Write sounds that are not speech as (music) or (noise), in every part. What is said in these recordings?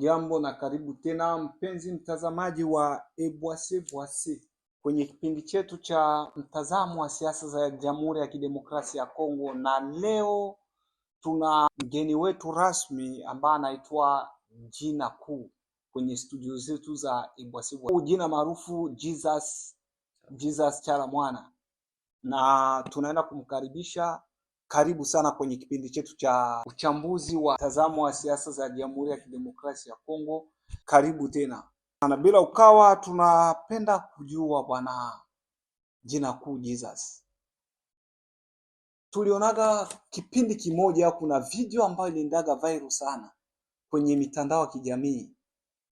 Jambo na karibu tena mpenzi mtazamaji wa Ebwase Bwase kwenye kipindi chetu cha mtazamo wa siasa za Jamhuri ya Kidemokrasia ya Kongo, na leo tuna mgeni wetu rasmi ambaye anaitwa jina kuu kwenye studio zetu za Ebwase Bwase, jina maarufu Jesus, Jesus Mwana, na tunaenda kumkaribisha karibu sana kwenye kipindi chetu cha uchambuzi wa mtazamo wa siasa za Jamhuri ya Kidemokrasia ya Kongo. Karibu tena na bila ukawa, tunapenda kujua bwana, jina kuu Jesus. Tulionaga kipindi kimoja, kuna video ambayo iliendaga viral sana kwenye mitandao ya kijamii.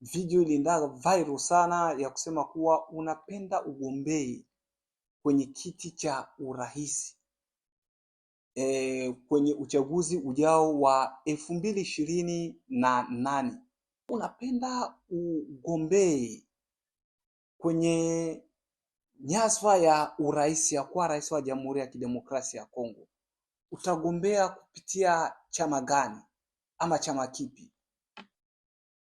Video iliendaga viral sana ya kusema kuwa unapenda ugombee kwenye kiti cha urahisi e, kwenye uchaguzi ujao wa elfu mbili ishirini na nane unapenda ugombee kwenye nyaswa ya urais ya kuwa rais wa Jamhuri ya Kidemokrasia ya Kongo, utagombea kupitia chama gani ama chama kipi?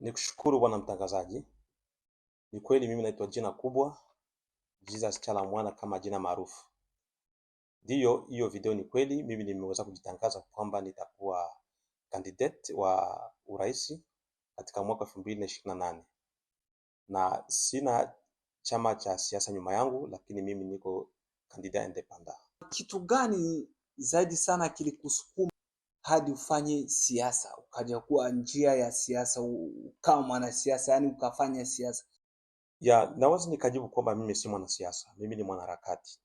ni kushukuru bwana mtangazaji. Ni kweli mimi naitwa jina kubwa Jesus Chala Mwana kama jina maarufu Ndiyo, hiyo video ni kweli, mimi nimeweza kujitangaza kwamba nitakuwa candidate wa urais katika mwaka elfu mbili na ishirini na nane na sina chama cha siasa nyuma yangu, lakini mimi niko candidate independent. Kitu gani zaidi sana kilikusukuma hadi ufanye siasa ukaja kuwa njia ya siasa ukawa mwanasiasa, yani ukafanya siasa? Ya, nawazi nikajibu kwamba mimi si mwanasiasa, mimi ni mwanaharakati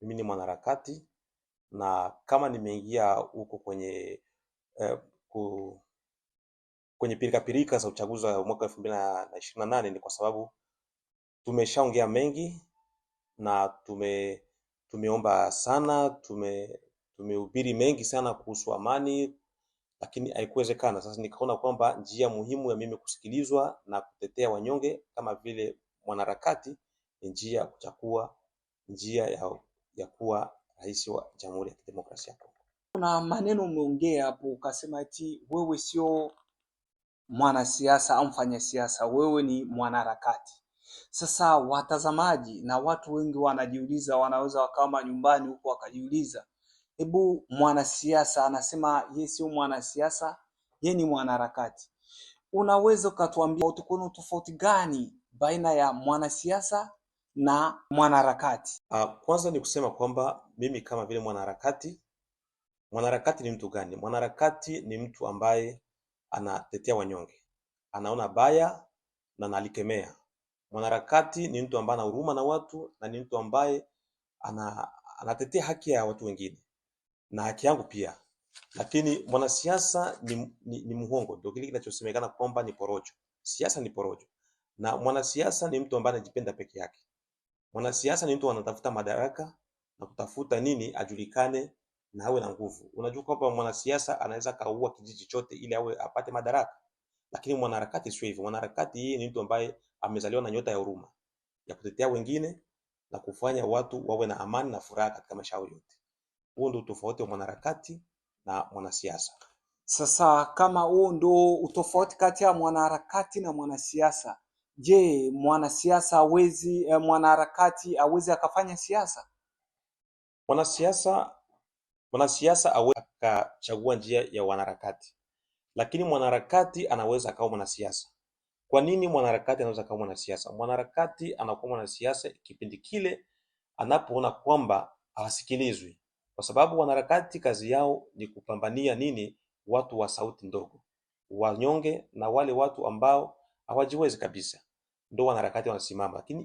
mimi ni mwanaharakati na kama nimeingia huko kwenye eh, ku, kwenye pirikapirika za uchaguzi wa mwaka elfu mbili na ishirini na nane ni kwa sababu tumeshaongea mengi na tume tumeomba sana, tume tumehubiri mengi sana kuhusu amani, lakini haikuwezekana. Sasa nikaona kwamba njia muhimu ya mimi kusikilizwa na kutetea wanyonge kama vile mwanaharakati ni njia ya kuchakua njia ya ya kuwa rais wa Jamhuri ya Kidemokrasia ya Kongo. Kuna maneno umeongea hapo, ukasema eti wewe sio mwanasiasa au mfanyasiasa, wewe ni mwanaharakati. Sasa watazamaji na watu wengi wanajiuliza, wanaweza wakawa nyumbani huko wakajiuliza, hebu mwanasiasa anasema ye sio mwanasiasa, ye ni mwanaharakati. Unaweza ukatuambia kuna tofauti gani baina ya mwanasiasa na mwanaharakati? Ah, kwanza ni kusema kwamba mimi kama vile mwanaharakati, mwanaharakati ni mtu gani? Mwanaharakati ni mtu ambaye anatetea wanyonge, anaona baya na nalikemea. Mwanaharakati ni mtu ambaye ana huruma na watu na ni mtu ambaye ana, anatetea haki ya watu wengine na haki yangu pia. Lakini mwanasiasa ni, ni, ni muhongo, ndio kile kinachosemekana kwamba ni porojo. Siasa ni porojo, na mwanasiasa ni mtu ambaye anajipenda peke yake. Mwanasiasa ni mtu anatafuta madaraka na kutafuta nini ajulikane na awe na nguvu. Unajua kwamba mwanasiasa anaweza kaua kijiji chote ili awe apate madaraka, lakini mwanaharakati sio hivyo. Mwanaharakati yeye ni mtu ambaye amezaliwa na nyota ya huruma ya kutetea wengine na kufanya watu wawe na amani na furaha katika maisha yao yote. Huo ndio utofauti wa mwanaharakati na mwanasiasa. Sasa kama huo ndo utofauti kati ya mwanaharakati na mwanasiasa, Je, mwanasiasa hawezi eh, mwanaharakati hawezi akafanya siasa? Mwanasiasa mwanasiasa hawezi akachagua njia ya wanaharakati, lakini mwanaharakati anaweza akawa mwanasiasa. Kwa nini mwanaharakati anaweza akawa mwanasiasa? Mwanaharakati anakuwa mwanasiasa kipindi kile anapoona kwamba hawasikilizwi kwa sababu wanaharakati kazi yao ni kupambania nini? Watu wa sauti ndogo, wanyonge na wale watu ambao hawajiwezi kabisa ndo wanaharakati wanasimama. Lakini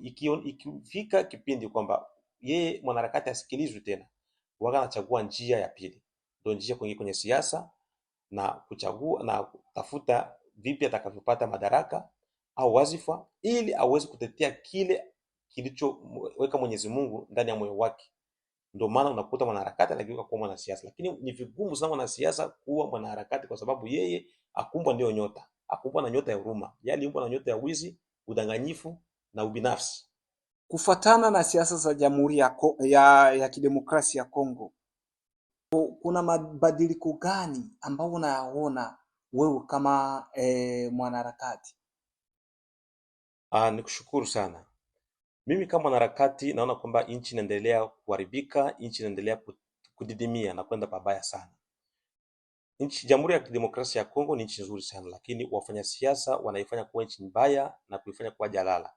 ikifika kipindi kwamba yeye mwanaharakati asikilizwe tena, waga anachagua njia ya pili, ndo njia kuingia kwenye siasa na kuchagua na kutafuta vipi atakavyopata madaraka au wazifa, ili aweze kutetea kile kilichoweka Mwenyezi Mungu ndani ya moyo wake. Ndio maana unakuta mwanaharakati anageuka kuwa mwanasiasa, lakini ni vigumu sana mwanasiasa kuwa mwanaharakati, kwa sababu yeye akumbwa ndio nyota, akumbwa na nyota ya huruma, yaani yumbwa na nyota ya wizi udanganyifu na ubinafsi. Kufuatana na siasa za Jamhuri ya, ya, ya Kidemokrasia ya Kongo, kuna mabadiliko gani ambayo unayaona wewe kama e, mwanaharakati? Ah, nikushukuru sana. Mimi kama mwanaharakati naona kwamba nchi inaendelea kuharibika, nchi inaendelea kudidimia na kwenda pabaya sana. Nchi Jamhuri ya Kidemokrasia ya Kongo ni nchi nzuri sana, lakini wafanyasiasa wanaifanya kuwa nchi mbaya na kuifanya kuwa jalala.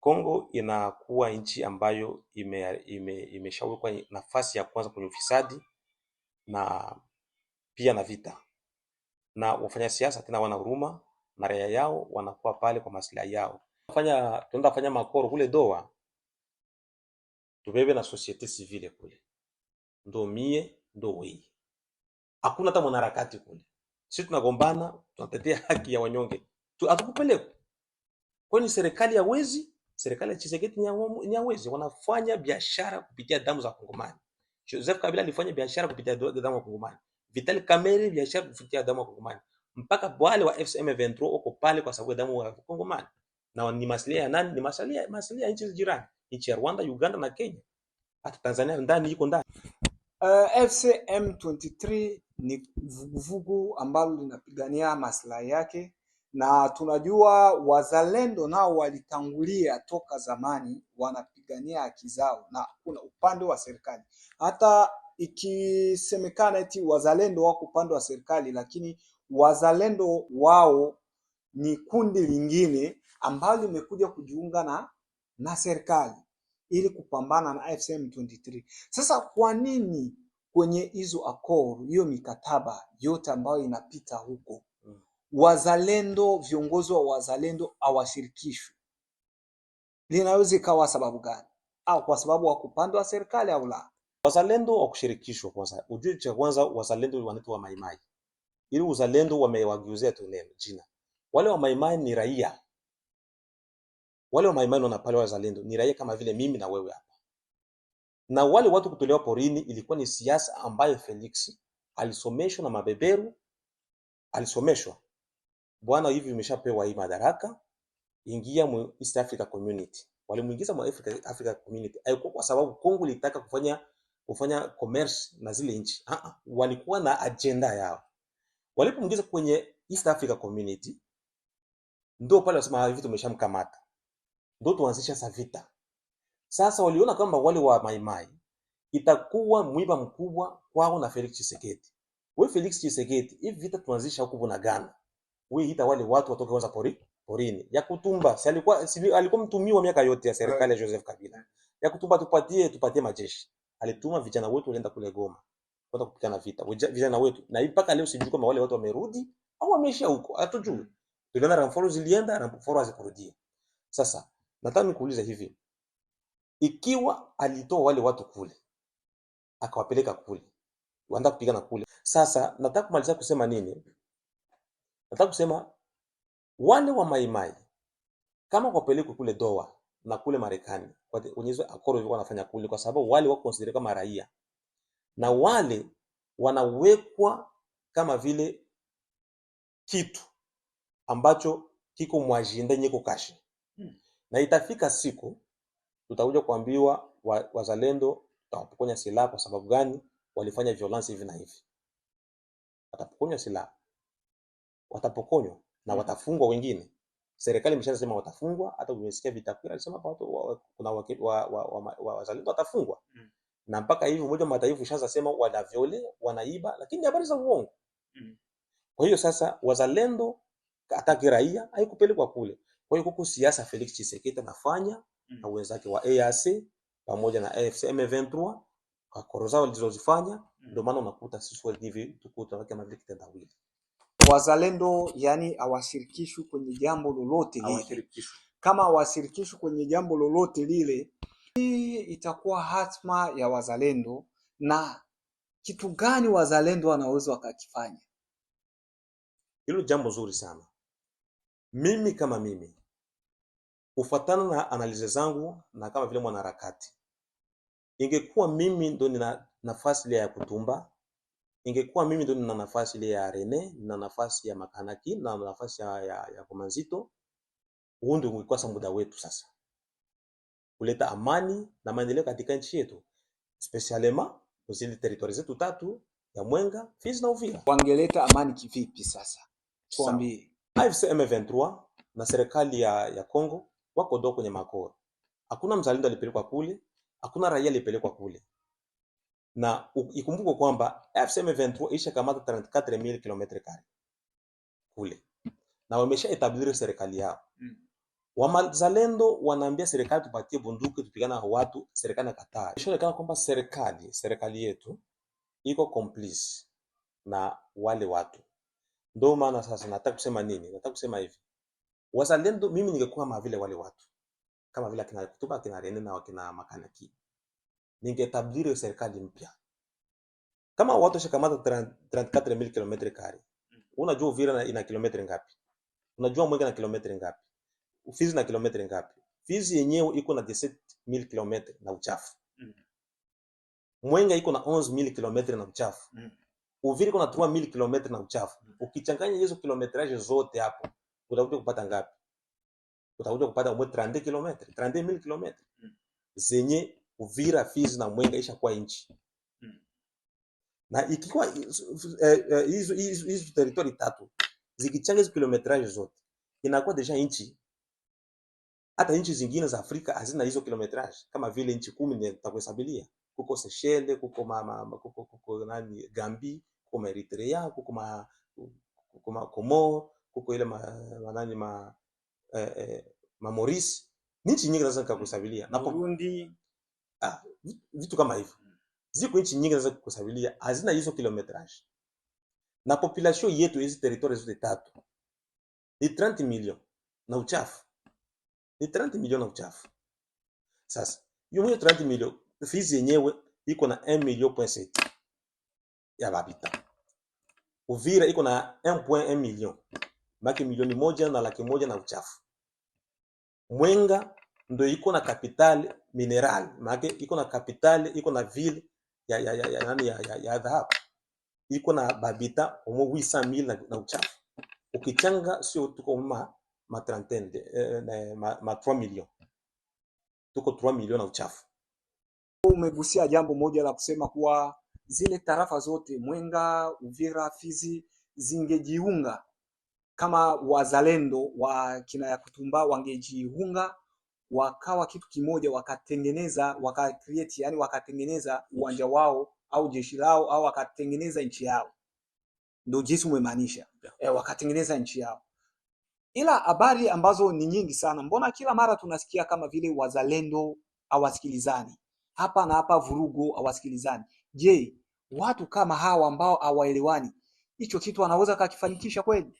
Kongo inakuwa nchi ambayo imeshawekwa ime, ime nafasi ya kwanza kwenye ufisadi na pia na vita, na wafanyasiasa tena wana huruma na raia yao, wanakuwa pale kwa maslahi yao. Tunaenda fanya makoro kule doa, tubebe na societe civile kule, ndo mie ndo wei hakuna hata mwanaharakati kule. Sisi tunagombana, tunatetea (laughs) haki ya wanyonge, hatukupelekwa. Kwa ni serikali ya wezi, serikali ya Tshisekedi ni ya wezi, wanafanya biashara kupitia damu za Kongomani. Joseph Kabila alifanya biashara kupitia damu ya Kongomani, Vital Kamerhe biashara kupitia damu ya Kongomani, mpaka wale wa FCM 23 wako pale kwa sababu ya damu ya Kongomani. Na ni maslahi ya nani? Ni maslahi ya nchi jirani, nchi ya Rwanda, Uganda na Kenya, hata Tanzania ndani iko ndani. Uh, fcm 23 ni vuguvugu ambalo linapigania maslahi yake, na tunajua wazalendo nao walitangulia toka zamani, wanapigania haki zao na kuna upande wa serikali. Hata ikisemekana eti wazalendo wako upande wa serikali, lakini wazalendo wao ni kundi lingine ambalo limekuja kujiunga na na serikali ili kupambana na AFC M23. Sasa kwa nini kwenye hizo accord, hiyo mikataba yote ambayo inapita huko mm. wazalendo, viongozi wa wazalendo hawashirikishwi? Linaweza ikawa sababu gani? Au kwa sababu wa kupandwa serikali au la? Wazalendo wa kushirikishwa kwanza, ujue cha kwanza, wazalendo wanaitwa wa maimai, ili uzalendo wamewageuzia tu jina. Wale wa maimai ni raia wale wa maimani na pale wazalendo ni raia kama vile mimi na wewe hapa, na wale watu kutolewa porini ilikuwa ni siasa ambayo Felix alisomeshwa na mabeberu, alisomeshwa bwana, hivi umeshapewa hii madaraka, ingia mu East Africa Community. Walimuingiza mu Africa, Africa Community haikuwa kwa sababu Kongo ilitaka kufanya kufanya commerce na zile nchi ah, ah, walikuwa na agenda yao. Walipomuingiza kwenye East Africa Community ndio pale wasema hivi, tumeshamkamata ndo tuanzisha sa vita. Sasa waliona kwamba wale wa Maimai itakuwa mwiba mkubwa kwao na Felix Tshisekedi. Wewe Felix Tshisekedi, hivi vita tuanzisha huko na gana. Wewe hita wale watu watoke kwanza pori, porini. Ya kutumba, si alikuwa si, alikuwa mtumiwa miaka yote ya serikali ya Joseph Kabila. Ya kutumba tupatie tupatie majeshi. Alituma vijana wetu walienda kule Goma. Kwenda kupigana vita. Vijana wetu. Na mpaka leo sijui kama wale watu wamerudi au wameisha huko. Hatujui. Mm. Tuliona ramforo zilienda, ramforo hazikurudia. Sasa nataka nikuuliza hivi, ikiwa alitoa wale watu kule akawapeleka kule, wanda kupigana kule. Sasa nataka kumaliza kusema nini? Nataka kusema wale wa maimai kama kwapelekwe kule doa na kule Marekani waonyezwe akoro walikuwa wanafanya kule, kwa sababu wale wako considered kama raia na wale wanawekwa kama vile kitu ambacho kiko mwajinda nyeko kashi na itafika siku tutakuja kuambiwa wazalendo watapokonya silaha kwa sababu gani walifanya violence hivi na hivi. Watapokonywa silaha, watapokonywa na watafungwa wengine. Serikali sema watafungwa, hata umesikia Vitakwira alisema watu kuna wazalendo watafungwa mm. na mpaka hivi Umoja wa Mataifa sema wana viole wanaiba, lakini habari za uongo mm. Kwa hiyo sasa wazalendo hataki raia haikupelekwa kule kwa hiyo huku siasa Felix Tshisekedi anafanya mm. na wenzake wa EAC pamoja na AFC M23 kwa koroza zao walizozifanya mm. ndio maana unakuta sisi DV tukuta tunaweka kama vile kitendawili. Wazalendo yani awashirikishwe kwenye jambo lolote lile. Kama awashirikishwe kwenye jambo lolote lile, hii itakuwa hatma ya wazalendo. Na kitu gani wazalendo wanaweza wakakifanya? Hilo jambo zuri sana. Mimi kama mimi kufuatana na analize zangu na kama vile mwanaharakati, ingekuwa mimi ndo nina nafasi ile ya Kutumba, ingekuwa mimi ndo nina nafasi ile ya Rene, na nafasi ya Makanaki na nafasi ya, ya, ya Komanzito, huu ndio ungekuwa sasa muda wetu sasa kuleta amani na maendeleo katika nchi yetu, spesialema kuzili territory zetu tatu ya Mwenga, Fizi na Uvira. Wangeleta amani kivipi sasa? Tuambie. AFC M23 na serikali ya, ya Kongo wako do kwenye makoro Hakuna mzalendo alipelekwa kule, hakuna raia alipelekwa kule. Na ikumbuko kwamba FCM 23 kamata 34000 km2 kule, na wamesha etablir serikali yao. Hmm. Wamazalendo wanaambia serikali tupatie bunduki tupigana na watu, serikali inakataa. Ishaonekana kwamba serikali serikali yetu iko complice na wale watu. Ndio maana sasa nataka kusema nini? Nataka kusema hivi Wazalendo mimi ningekuwa kama vile wale watu, kama vile akina Kutuba, akina Rene na akina Makanaki, ningetabdiri serikali mpya. Kama watu washakamata 34000 km kare, unajua Uvira ina kilometri ngapi? Unajua Mwenga na kilometri ngapi? Ufizi na kilometri ngapi? Fizi yenyewe iko na 17000 km na uchafu. Mm. Mwenga iko na 11000 km na uchafu. Mm. Uvira iko na 3000 km na uchafu. Ukichanganya hizo kilometraje zote hapo utakuja kupata ngapi? Utakuja kupata umwe 30 km, 30000 km zenye Uvira, Fizi na Mwenga ishakuwa nchi mm. na ikiwa e, e, hizo hizo territory tatu zikichanga hizo kilometraje zote inakuwa deja nchi. Hata nchi zingine za Afrika hazina hizo kilometraje kama vile nchi kumi nitakuhesabilia, kuko Seychelles, kuko mama, kuko kuko nani Gambia, kuko Eritrea, kuko kuko Komoro kuko ile manani ma eh, eh, ma Maurice nchi nyingi zinaweza kukusabilia mm. na Burundi ah, vitu kama hivyo mm. ziko nchi nyingi zinaweza kukusabilia, hazina hizo kilometrage na population yetu hizi territory zote tatu ni 30 million na uchafu ni 30 million na uchafu. Sasa hiyo 30 million Fizi yenyewe iko na 1 million point set ya habitat Uvira iko na 1.1 million make milioni moja na laki moja na uchafu. Mwenga ndo iko na capital mineral, make iko na capital, iko na vile ya ya ya ya ya, ya ya, ya dhahabu iko na babita omo 800000 na, na uchafu. Ukichanga sio tuko ma ma 30 eh, ma, ma 3 million tuko 3 million na uchafu. Umegusia jambo moja la kusema kuwa zile tarafa zote Mwenga, Uvira, Fizi zingejiunga kama wazalendo wa kina kutumba wangejiunga wakawa kitu kimoja, wakatengeneza waka create, yani wakatengeneza uwanja wao au jeshi lao au wakatengeneza nchi yao, ndio jinsi umemaanisha e, wakatengeneza nchi yao. Ila habari ambazo ni nyingi sana, mbona kila mara tunasikia kama vile wazalendo hawasikilizani hapa na hapa, vurugu hawasikilizani. Je, watu kama hawa ambao hawaelewani, hicho kitu anaweza kakifanikisha kweli?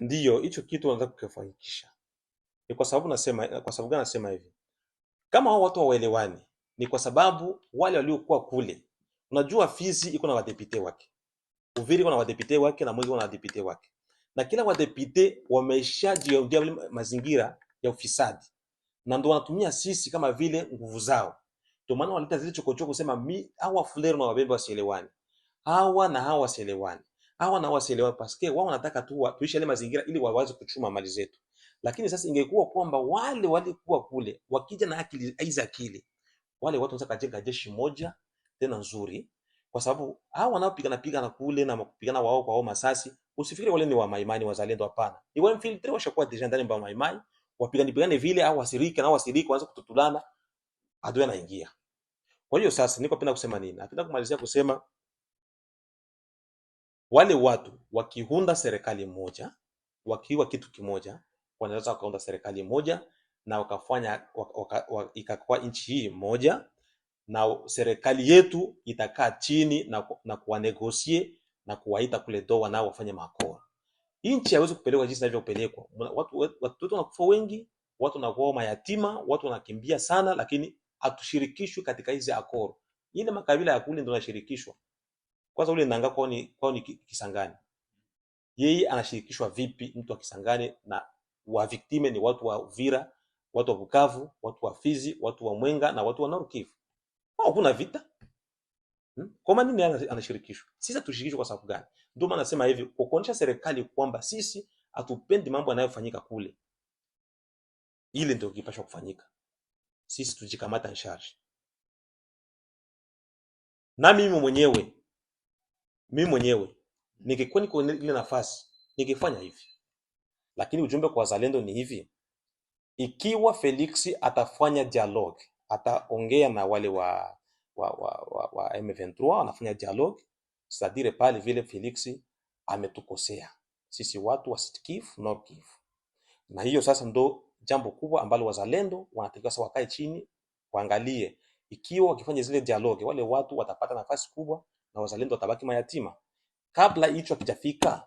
Ndiyo, hicho kitu nataka kukifanikisha. Ni kwa sababu nasema, kwa sababu gani nasema hivi? Kama hao watu hawaelewani, ni kwa sababu wale waliokuwa kule, unajua Fizi iko na wadepite wake, Uviri iko na wadepite wake, na Mwingi iko na wadepite wake, na kila wadepite wameshajiongea vile mazingira ya ufisadi, na ndio wanatumia sisi kama vile nguvu zao. Ndio maana wanaleta zile chokochoko kusema mi hawa fulero na wabembe wasielewani, hawa na hawa wasielewani hawa na wasielewa paske wao wanataka tu tuishi ile mazingira ili waweze kuchuma mali zetu. Lakini sasa ingekuwa kwamba wale walikuwa kule wakija na akili aiza akili, wale watu wanataka kujenga jeshi moja tena nzuri, kwa sababu hawa wanaopigana pigana kule na kupigana wao kwa wao masasi, usifikiri wale ni wa maimani wazalendo, hapana, ni wale infiltrate washakuwa deja ndani mba maimani, wapigani pigane vile au wasirike na wasirike waanze kututulana, adui anaingia. Kwa hiyo sasa niko napenda kusema nini? Napenda kumalizia kusema wale watu wakiunda serikali moja, wakiwa kitu kimoja, wanaweza wakaunda serikali moja na wakafanya waka, waka, ikakuwa nchi hii moja, na serikali yetu itakaa chini na, na kuwanegosie na kuwaita kule doa nao wafanye makoa. Nchi hawezi kupelekwa jinsi inavyopelekwa. Watu wetu wanakufa wengi, watu wanakuwa mayatima, watu wanakimbia sana, lakini hatushirikishwi katika hizi akoro. Ile makabila ya kule ndio yanashirikishwa. Kwanza ule nanga kwao ni, kwao ni Kisangani. Yeye anashirikishwa vipi mtu wa Kisangani na wa victime ni watu wa Uvira, watu wa Bukavu, watu wa Fizi, watu wa Mwenga na watu wa Nord Kivu. Hakuna vita. Hmm? Kwa maana nini anashirikishwa? Sisi tushirikishwe kwa sababu gani? Ndio maana nasema hivi, kwa kuonyesha serikali kwamba sisi hatupendi mambo yanayofanyika kule. Ile ndio kipashwa kufanyika. Sisi tujikamata in charge. Na mimi mwenyewe mimi mwenyewe ningekuwa niko ile nafasi ningefanya hivi. Lakini ujumbe kwa wazalendo ni hivi, ikiwa Felix atafanya dialogue, ataongea na wale wa wa, wa, wa, wa M23 wanafanya dialogue, sadire pale vile Felix ametukosea sisi watu wasitikifu na kifu. Na hiyo sasa ndo jambo kubwa ambalo wazalendo wanatakiwa sasa wakae chini waangalie, ikiwa wakifanya zile dialogue wale watu watapata nafasi kubwa na wazalendo watabaki mayatima. Kabla hicho hakijafika,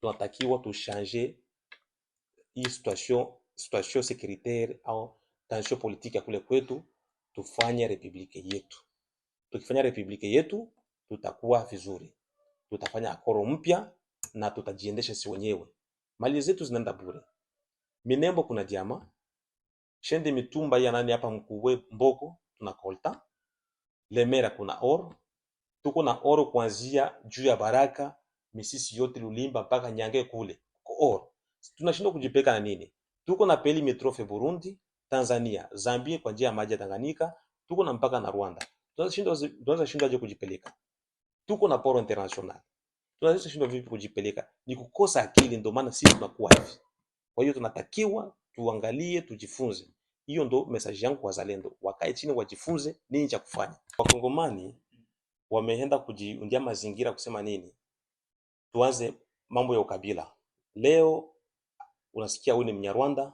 tunatakiwa tushange hii situation situation securitaire au tension politique ya kule kwetu, tufanye republique yetu. Tukifanya republique yetu tutakuwa vizuri, tutafanya akoro mpya na tutajiendesha si wenyewe. Mali zetu zinaenda bure. Minembo kuna jama shende mitumba ya nani hapa mkuu Mboko, tuna kolta Lemera kuna or tuko na oro kuanzia juu ya Baraka, misisi yote Lulimba mpaka Nyange kule ko oro. Tunashindwa kujipeka na nini? Tuko na peli metrofe Burundi, Tanzania, Zambia kwa njia ya maji ya Tanganyika, tuko na mpaka na Rwanda. Tunashindwa tunaweza shindwa je kujipeleka? Tuko na poro international. Tunaweza shindwa vipi kujipeleka? Ni kukosa akili, ndio maana sisi tunakuwa hivi. Kwa hiyo tunatakiwa tuangalie, tujifunze. Hiyo ndo message yangu kwa zalendo wakae chini wajifunze nini cha kufanya. Wakongomani wameenda kujiundia mazingira kusema nini, tuanze mambo ya ukabila. Leo unasikia huyu ni Mnyarwanda,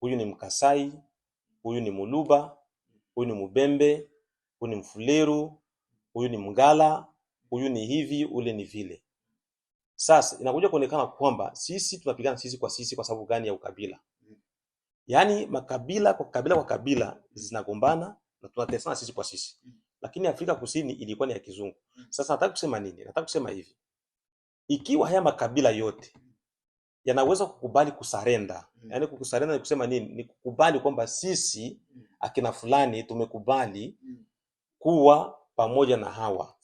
huyu ni Mkasai, huyu ni Muluba, huyu ni Mubembe, huyu ni Mfuleru, huyu ni Mgala, huyu ni hivi, ule ni vile. Sasa inakuja kuonekana kwamba sisi tunapigana sisi kwa sisi kwa sababu gani ya ukabila. Yaani makabila kwa kabila kwa kabila zinagombana na tunatesana sisi kwa sisi lakini Afrika Kusini ilikuwa ni ya kizungu. Mm. Sasa nataka kusema nini? Nataka kusema hivi, ikiwa haya makabila yote yanaweza kukubali kusarenda, mm. yaani kukusarenda ni kusema nini? Ni kukubali kwamba sisi mm. akina fulani tumekubali kuwa pamoja na hawa,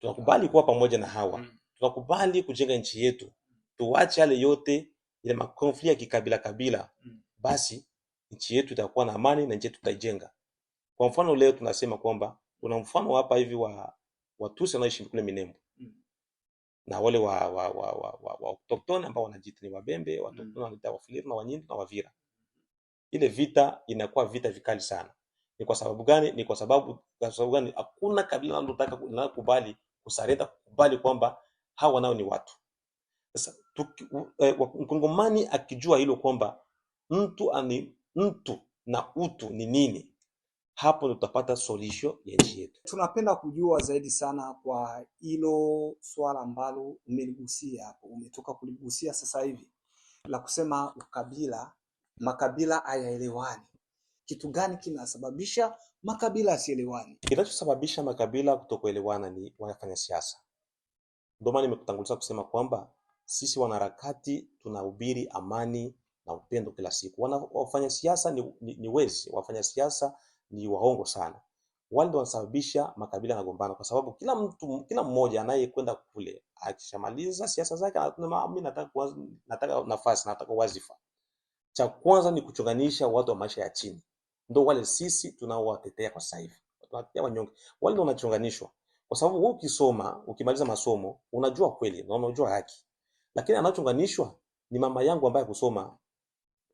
tunakubali kuwa pamoja na hawa, tunakubali kujenga nchi yetu, tuwache yale yote ile makonfli ya kikabila kabila, basi nchi yetu itakuwa na amani na nchi yetu tutaijenga. Kwa mfano leo tunasema kwamba kuna mfano hapa hivi wa Watusi wanaishi kule Minembwe mm. na wale wa wa wa wa, wa, wa autoktone ambao wanajiita ni Wabembe, watoktone mm. wanaita Wafuliru na Wanyindu na Wavira. Ile vita inakuwa vita vikali sana. Ni kwa sababu gani? Ni kwa sababu kwa sababu gani? Hakuna kabila linalotaka linalokubali kusareta kukubali kwamba hawa nao ni watu. Sasa uh, mkongomani akijua hilo kwamba mtu ani mtu na utu ni nini, hapo ndo tutapata solisho ya nchi yetu. Tunapenda kujua zaidi sana kwa hilo swala ambalo umeligusia hapo, umetoka kuligusia sasa hivi la kusema ukabila, makabila hayaelewani. Kitu gani kinasababisha makabila asielewani? Kinachosababisha makabila kutokuelewana ni wanafanya siasa. Ndio maana nimekutanguliza kusema kwamba sisi wanaharakati tunahubiri amani na upendo kila siku. Wana, wafanya siasa ni, ni, ni wezi, wafanya siasa ni waongo sana. Wale wanasababisha makabila yanagombana, kwa sababu kila mtu, kila mmoja anayekwenda kule akishamaliza siasa zake anasema mimi nataka, nataka nafasi, nataka wazifa. Cha kwanza ni kuchonganisha watu wa maisha ya chini, ndio wale sisi tunaowatetea kwa sasa hivi, tunatetea wanyonge, wale ndio wanachonganishwa kwa sababu wewe ukisoma ukimaliza masomo unajua kweli na unajua haki, lakini anachonganishwa ni mama yangu ambaye kusoma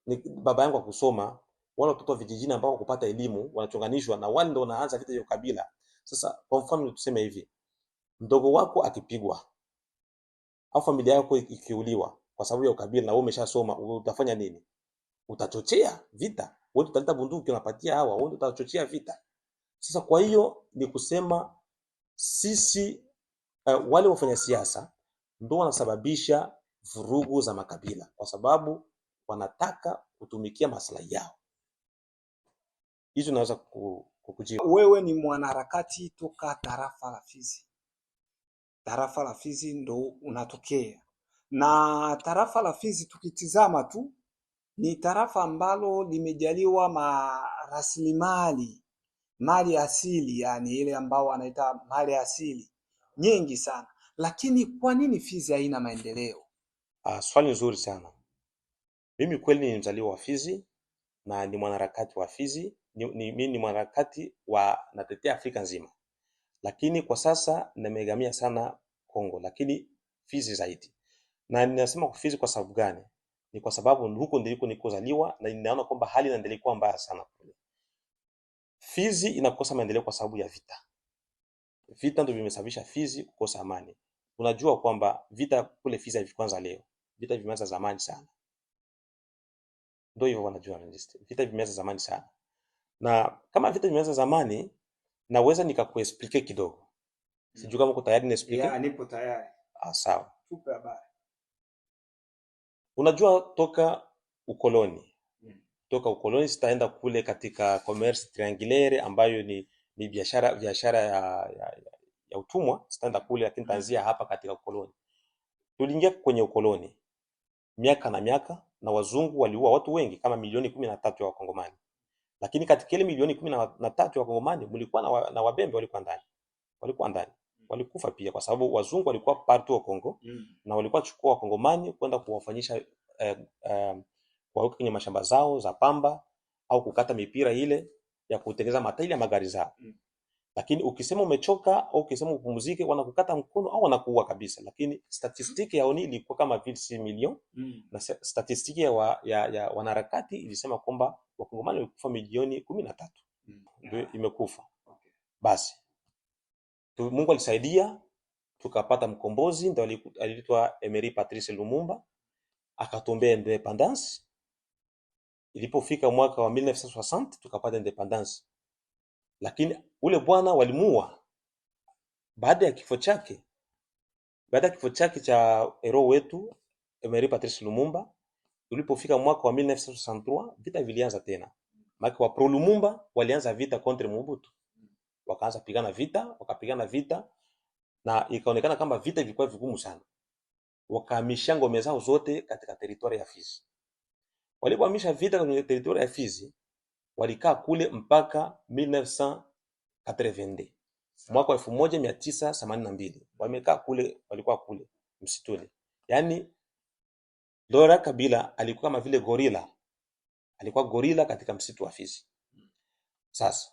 ni baba yangu akusoma, wala watoto wa vijijini ambao kupata elimu wanachonganishwa na wale ndio wanaanza vita ya ukabila. Sasa kwa mfano tuseme hivi, mdogo wako akipigwa au familia yako ikiuliwa kwa sababu ya ukabila, na wewe umeshasoma, utafanya nini? Utachochea vita, wewe utaleta bunduki, unapatia hawa, wewe utachochea vita. Sasa kwa hiyo ni kusema sisi uh, wale wafanya siasa ndio wanasababisha vurugu za makabila kwa sababu wanataka kutumikia maslahi yao. Hizo naweza kukujia. Wewe ni mwanaharakati toka tarafa la Fizi, tarafa la Fizi ndo unatokea, na tarafa la Fizi tukitizama tu ni tarafa ambalo limejaliwa marasilimali mali asili, yani ile ambao wanaita mali asili nyingi sana, lakini kwa nini Fizi haina maendeleo? Ah, swali nzuri sana. Mimi kweli ni mzaliwa wa Fizi na ni mwanaharakati wa Fizi, mimi ni ni mwanaharakati wa natetea Afrika nzima, lakini kwa sasa nimegamia sana Kongo, lakini Fizi zaidi. Na ninasema kwa Fizi kwa sababu gani? Ni kwa sababu huko ndiko nilikozaliwa na ninaona kwamba hali inaendelea kuwa mbaya sana kule. Fizi inakosa maendeleo kwa sababu ya vita. Vita ndio vimesababisha Fizi kukosa amani. Unajua kwamba vita kule Fizi havikwanza leo, vita vimeanza zamani sana. Ndio hivyo bwana journalist, vita vimeanza zamani sana, na kama vita vimeanza zamani, naweza nikakuexplique kidogo Sijui kama uko tayari niexplike? Yeah, nipo tayari. Ah, sawa, tupe habari. Unajua toka ukoloni hmm. Toka ukoloni sitaenda kule katika commerce triangulaire ambayo ni, ni biashara biashara ya, ya, ya, ya utumwa sitaenda kule, lakini hmm. tanzia hapa katika ukoloni. Tuliingia kwenye ukoloni miaka na miaka na wazungu waliua watu wengi kama milioni kumi na tatu ya Wakongomani, lakini katika ile milioni kumi na tatu ya Wakongomani mlikuwa na, wa, na wabembe walikuwa ndani, walikuwa ndani mm. walikufa pia, kwa sababu wazungu walikuwa part wa Kongo mm. na walikuwa chukua wakongomani kwenda kuwafanyisha eh, eh, kuwaweka kwenye mashamba zao za pamba au kukata mipira ile ya kutengeneza matairi ya magari zao mm lakini ukisema umechoka au ukisema upumzike, wanakukata mkono au wanakuua kabisa. Lakini statistiki ya ONU ilikuwa kama vile si milioni mm. na statistiki ya, wa, ya, ya wanaharakati ilisema kwamba wakongomani walikufa milioni kumi na tatu mm. ndio imekufa okay. Basi tu, Mungu alisaidia tukapata mkombozi, ndio aliitwa Emery Patrice Lumumba akatuombea independence. Ilipofika mwaka wa 1960 tukapata independence lakini ule bwana walimuua baada ya kifo chake, baada ya kifo chake cha hero wetu Emery Patrice Lumumba. Ulipofika mwaka wa 1963 vita vilianza tena, maki wa pro Lumumba walianza vita kontra Mobutu, wakaanza pigana vita, wakapigana vita na ikaonekana kama vita vilikuwa vigumu sana. Wakahamisha ngome zao zote katika teritoria ya Fizi. Walipohamisha vita katika teritoria ya Fizi, Walikaa kule mpaka 1982 mwaka wa elfu moja mia tisa themanini na mbili wamekaa kule, walikuwa kule msituni. Yani Laurent Kabila alikuwa kama vile gorila, alikuwa gorila katika msitu wa Fizi. Sasa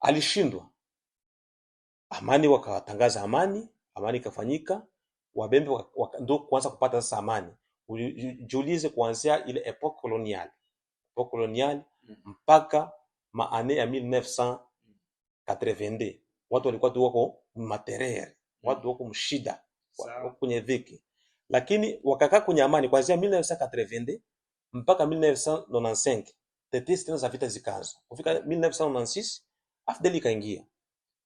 alishindwa, amani wakatangaza amani, amani ikafanyika, wabembe ndio kuanza kupata sasa amani. Ujiulize kuanzia ile epoque coloniale, epoque coloniale mpaka maane ya 1982 watu walikuwa tu wako materere, watu mm. wako mshida, wako kwenye dhiki, lakini wakakaa kwenye amani kuanzia 1982 mpaka 1995 tetesi tena za vita zikaanza kufika 1996 AFDL ikaingia.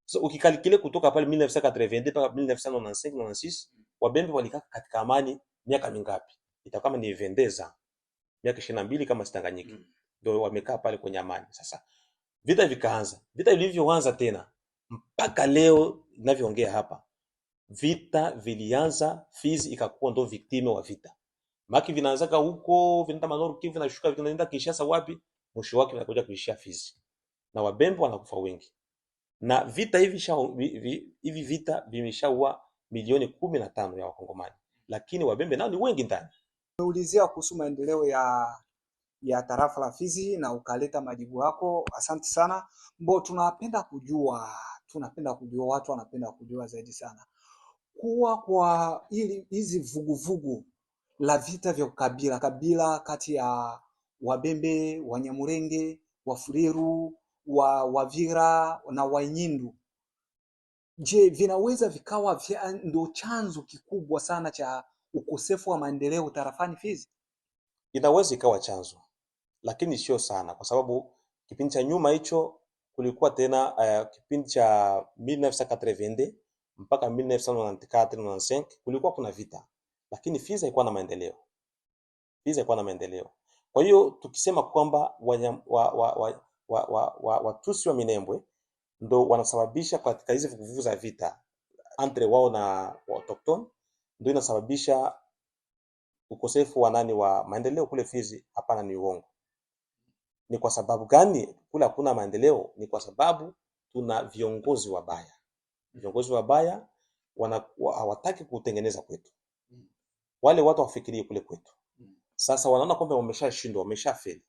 So ukikalikile kutoka pale 1982 mpaka 1995 96 mm. Wabembe walikaa katika amani miaka mingapi? Itakuwa ni vendeza miaka 22 kama sitanganyiki. Mm ndio wamekaa pale kwenye amani. Sasa vita vikaanza, vita vilivyoanza tena mpaka leo ninavyoongea hapa, vita vilianza Fizi ikakuwa ndo victime wa vita maki vinaanzaka huko vinaenda manoro Kivu, vinashuka vinaenda Kinshasa, wapi, mwisho wake vinakuja kuishia Fizi na wabembo wanakufa wengi, na vita hivi sha hivi vita vimeshaua milioni kumi na tano ya Wakongomani, lakini Wabembe nao ni wengi ndani. Umeulizia kuhusu maendeleo ya ya tarafa la Fizi na ukaleta majibu yako. Asante sana Mbo, tunapenda kujua, tunapenda kujua, watu wanapenda kujua zaidi sana kuwa kwa hizi vuguvugu la vita vya kabila kabila kati ya Wabembe, Wanyamurenge, Wafuliru, wa Wavira na Wanyindu. Je, vinaweza vikawa vya ndio chanzo kikubwa sana cha ukosefu wa maendeleo tarafani Fizi? Inaweza ikawa chanzo lakini sio sana, kwa sababu kipindi cha nyuma hicho kulikuwa tena uh, kipindi cha 1982 mpaka 1994 kulikuwa kuna vita, lakini Fiza ilikuwa na maendeleo. Fiza ilikuwa na maendeleo. Kwa hiyo tukisema kwamba Watusi wa, wa, wa, wa, wa, wa, wa Minembwe ndo wanasababisha katika hizi vuguvugu za vita entre wao na autochton ndio inasababisha ukosefu wa nani wa maendeleo kule Fizi, hapana, ni uongo. Ni kwa sababu gani kule hakuna maendeleo? Ni kwa sababu tuna viongozi wabaya. Viongozi wabaya wanakuwa hawataki kutengeneza kwetu, wale watu wafikirie kule kwetu. Sasa wanaona kwamba wameshashindwa, wameshafeli.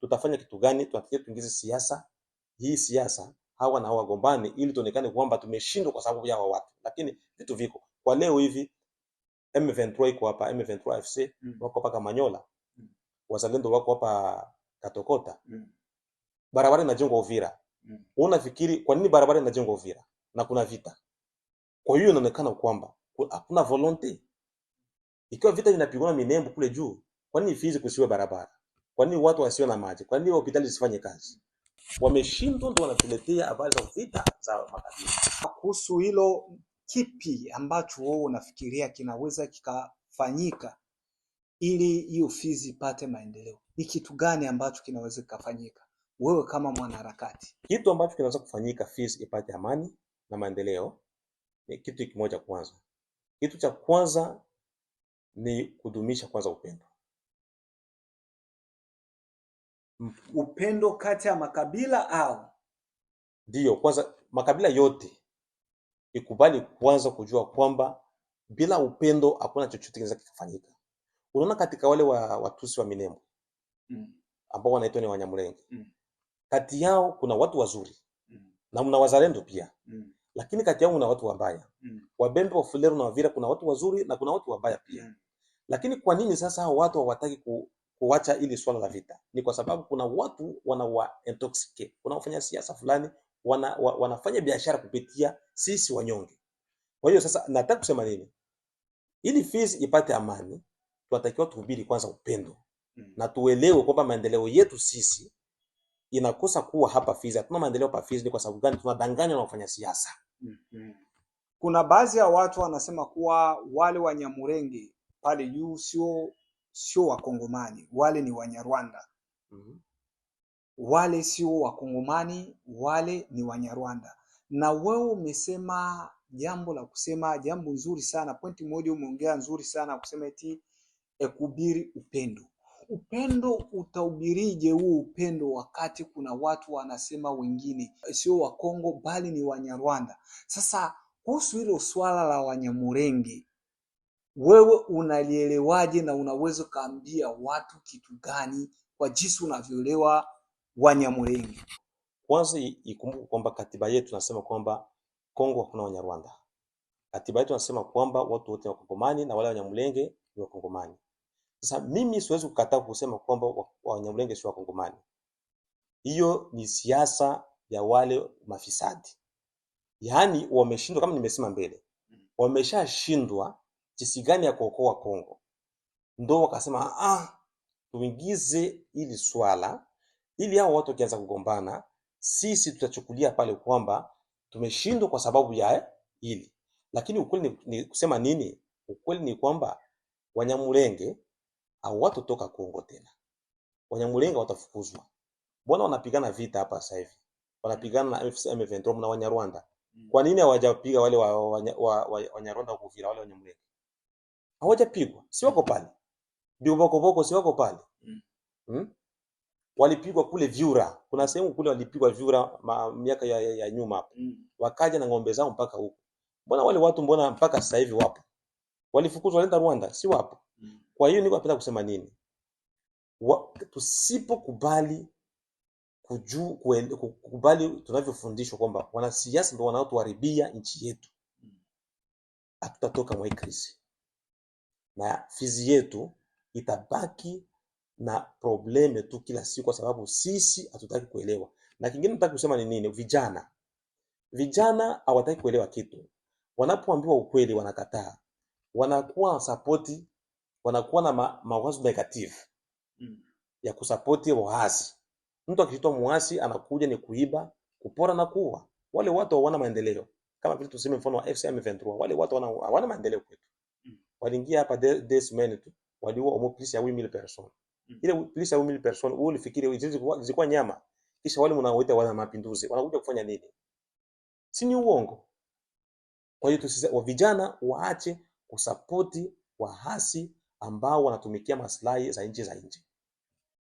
Tutafanya kitu gani? Tuhakikishe tuingize siasa hii, siasa hawa na wagombani ili tuonekane kwamba tumeshindwa kwa sababu ya watu, lakini vitu viko kwa leo hivi. M23 iko hapa, M23 FC mm. wako hapa Kamanyola, mm. wazalendo wako hapa Katokota. Mm. Barabara inajengwa Uvira. Mm. Unafikiri kwa nini barabara inajengwa Uvira na kuna vita? Kwa hiyo inaonekana kwamba hakuna volonte. Ikiwa vita vinapigwa na minembo kule juu, kwa nini Fizi kusiwe barabara? Kwa nini watu wasiwe na maji? Kwa nini hospitali zisifanye kazi? Wameshindwa, ndio wanatuletea habari za vita za makabila. Kuhusu hilo, kipi ambacho wewe unafikiria kinaweza kikafanyika ili hiyo Fizi ipate maendeleo, ni kitu gani ambacho kinaweza kufanyika wewe kama mwanaharakati? Kitu ambacho kinaweza kufanyika Fizi ipate amani na maendeleo ni kitu kimoja kwanza. Kitu cha kwanza ni kudumisha kwanza upendo, upendo kati ya makabila au ndiyo, kwanza makabila yote ikubali kwanza kujua kwamba bila upendo hakuna chochote kinaweza kikafanyika unaona katika wale wa watusi wa Minembwe mm. ambao wanaitwa ni Wanyamulenge mm. kati yao kuna watu wazuri mm. na mna wazalendo pia mm. lakini kati yao kuna watu wabaya mm. Wabembe, wa fulero na Wavira kuna watu wazuri na kuna watu wabaya pia mm. Lakini kwa nini sasa hao watu hawataki ku, kuacha ili swala la vita? Ni kwa sababu kuna watu wanawa intoxicate kuna wafanya siasa fulani wana, wa, wanafanya biashara kupitia sisi wanyonge. Kwa hiyo sasa nataka kusema nini? Ili Fizi ipate amani tunatakiwa tuhubiri kwanza upendo mm. na tuelewe kwamba maendeleo yetu sisi inakosa kuwa hapa Fizi. Hatuna maendeleo hapa Fizi. Ni kwa sababu gani? Tunadanganywa na wafanya siasa mm-hmm. Kuna baadhi ya watu wanasema kuwa wale Wanyamurenge pale juu sio sio Wakongomani, wale ni Wanyarwanda mm-hmm. wale sio Wakongomani, wale ni Wanyarwanda. Na wewe umesema jambo la kusema jambo nzuri sana, pointi moja umeongea nzuri sana kusema eti ya eh, kuhubiri upendo. Upendo utahubirije huu upendo wakati kuna watu wanasema wengine eh, sio Wakongo bali ni Wanyarwanda? Sasa kuhusu hilo swala la Wanyamurenge, wewe unalielewaje na unaweza ukaambia watu kitu gani kwa jinsi unavyoelewa Wanyamurenge? Kwanza ikumbuke kwamba katiba yetu nasema kwamba Kongo hakuna Wanyarwanda. Katiba yetu nasema kwamba watu wote wakongomani na wale Wanyamurenge ni wakongomani sasa mimi siwezi kukataa kusema kwamba Wanyamulenge si Wakongomani. Hiyo ni siasa ya wale mafisadi, yaani wameshindwa, kama nimesema mbele, mm-hmm. wameshashindwa jinsi gani ya kuokoa Kongo, ndo wakasema ah, tuingize ili swala ili hao watu wakianza kugombana, sisi tutachukulia pale kwamba tumeshindwa kwa sababu ya hili. Lakini ukweli ni, ni kusema nini? Ukweli ni kwamba Wanyamulenge hawatotoka Kongo tena, Wanyamulenga watafukuzwa. Mbona wanapigana vita hapa sasa hivi, wanapigana na AFC M23 na Wanyarwanda. Mm. Kwa nini hawajapiga wale wa Wanyarwanda wa Kuvira, wale Wanyamulenga hawajapigwa? Si wako mm. pale Ndio Biobokoboko, si wako pale mm. hmm? Walipigwa kule Vyura, kuna sehemu kule walipigwa Vyura miaka ya, ya, ya nyuma hapo Wakaja na ng'ombe zao mpaka huko. Mbona wale watu, mbona mpaka sasa hivi wapo? Walifukuzwa, walienda Rwanda, si wapo? Kwa hiyo niko napenda kusema nini, tusipokubali kujuu kukubali tunavyofundishwa kwamba wanasiasa ndio wanaotuharibia nchi yetu, hatutatoka mwa na Fizi yetu itabaki na probleme tu kila siku, kwa sababu sisi hatutaki kuelewa. Na kingine nataka kusema ni nini, vijana vijana hawataki kuelewa kitu, wanapoambiwa ukweli wanakataa, wanakuwa sapoti wanakuwa na ma, mawazo negative mm. ya kusapoti waasi. Mtu akishitwa muasi anakuja ni kuiba, kupora na kuua. Wale watu hawana maendeleo, kama vile tuseme mfano wa FCM 23 wale watu wana, hawana maendeleo kwetu mm. waliingia hapa this man tu waliua au police ya 1000 person mm. ile police ya 1000 person wao ulifikiri hizi zilikuwa nyama? Kisha wale mnaoita wana mapinduzi wanakuja kufanya nini? Si ni uongo? Kwa hiyo wa vijana waache kusapoti wahasi ambao wanatumikia maslahi za nchi za nje.